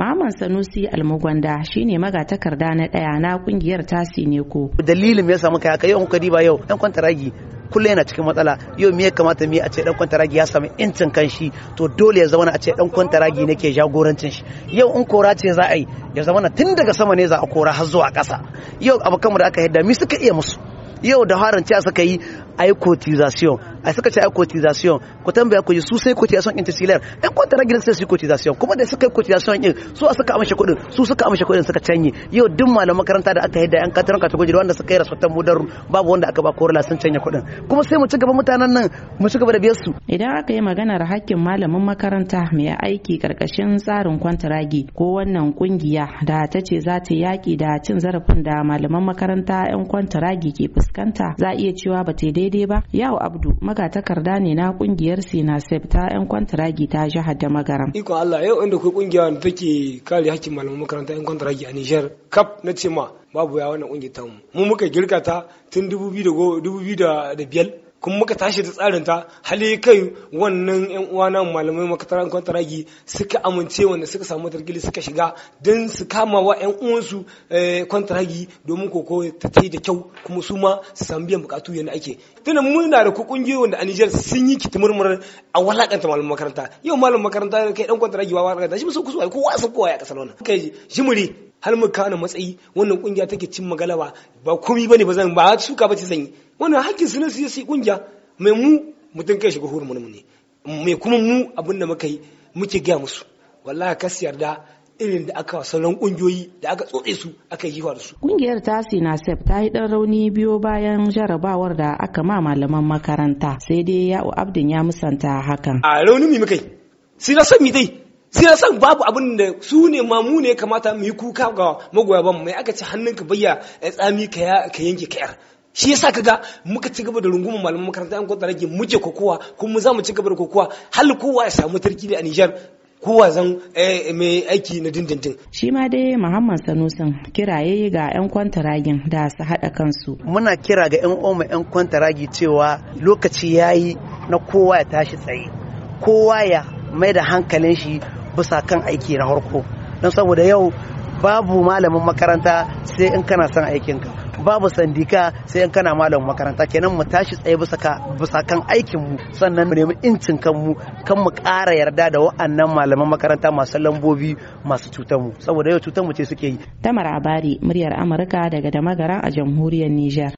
Maman Sanusi Almugwanda shine magatakarda na ɗaya na kungiyar tasi ne ko. Dalilin ya samu kai yi yau kuka diba yau ɗan ragi kullum yana cikin matsala yau me ya kamata me a ce dan ragi ya samu incin kanshi to dole ya zama a ce dan kwantaragi ne ke jagorancin shi yau in kora ce za a yi ya zama tun daga sama ne za a kora har zuwa ƙasa yau mu da aka yadda mi suka iya musu yau da harin a suka yi ai cotization a suka ce a cotization ku tambaya ku su sai cotization in tasilar ɗan kwantara gidan sai su cotisation kuma dai suka yi cotization in su a suka amshe kuɗin su suka amshe kuɗin suka canyi yau duk malam makaranta da aka yi da yan katarin kategori wanda suka yi rasuwatan mudarun babu wanda aka ba ko korala sun canya kuɗin kuma sai mu ci gaba mutanen nan mu ci gaba da biyar su. idan aka yi maganar hakkin malamin makaranta mai aiki karkashin tsarin kwantaragi ko wannan kungiya da ta ce za ta yaki da cin zarafin da malaman makaranta yan kwantaragi ke fuskanta za a iya cewa ba ta daidai ba yawo abdu magatakarda ne na kungiyar Sinasef ta 'yan kwantaragi ta jihar da magaram. Iko Allah yau inda kai kungiya wanda take kare hakkin malaman makaranta 'yan kwantaragi a Nijar kap na ce ma babu ya wannan kungiyar ta Mu muka girka ta tun 2005 kuma muka tashi da tsarin ta hali kai wannan yan uwana malamai makarantar kwantaragi suka amince wanda suka samu targili suka shiga don su kama wa yan uwansu eh, kwantaragi domin koko ta tai da kyau kuma su ma su samu biyan bukatu yadda ake tunan muna da ku kungiyoyi wanda a Niger sun yi kitimurmurar a walakanta malamin makaranta yau malamin makaranta kai dan kwantaragi ba walakanta shi musu kusuwa kowa su kowa ya kasar wannan kai jimiri har mu kawo matsayi wannan kungiya take cin magalawa ba komi bane ba zan ba suka ba ce yi wannan hakkin su ne su yi kungiya mai mu mutum kai shiga hurumun mu ne mai kuma mu abin da muka yi muke gaya musu wallahi kas yarda irin da aka sauran kungiyoyi da aka tsotse su aka yi da su. Kungiyar tasi na ta yi dan rauni biyo bayan jarabawar da aka ma malaman makaranta sai dai ya'u abdin ya musanta hakan. A rauni mai mukai, sai na san mi dai sai na san babu abin da su ne ma mu ne kamata mu yi kuka ga magoya ban mai aka ce hannunka bayya eh, tsami ka yanke ka yar shi yasa kaga muka ci gaba da rungumar malaman makaranta an kwanta rage muke kokowa kuma za mu ci gaba da kokowa hal kowa ya samu tarki da a Nijar kowa zan eh, mai aiki na dindindin. Shi ma dai Muhammad Sanusin kiraye ga 'yan kwantaragin da su haɗa kansu. Muna kira ga 'yan oma 'yan kwantaragi cewa lokaci ya yi na kowa ya tashi tsaye. Kowa ya mai da hankalin shi bisa kan aiki na harko don saboda yau babu malamin makaranta sai in kana son aikinka babu sandika sai in kana malamin makaranta kenan mu tashi tsaye bisa kan aikin sannan mu nemi incin kanmu kan mu ƙara yarda da wa'annan malaman makaranta masu lambobi masu cutar mu saboda yau cutar mu ce suke yi Tamar Abari muryar Amurka daga Damagara a jamhuriyar Nijar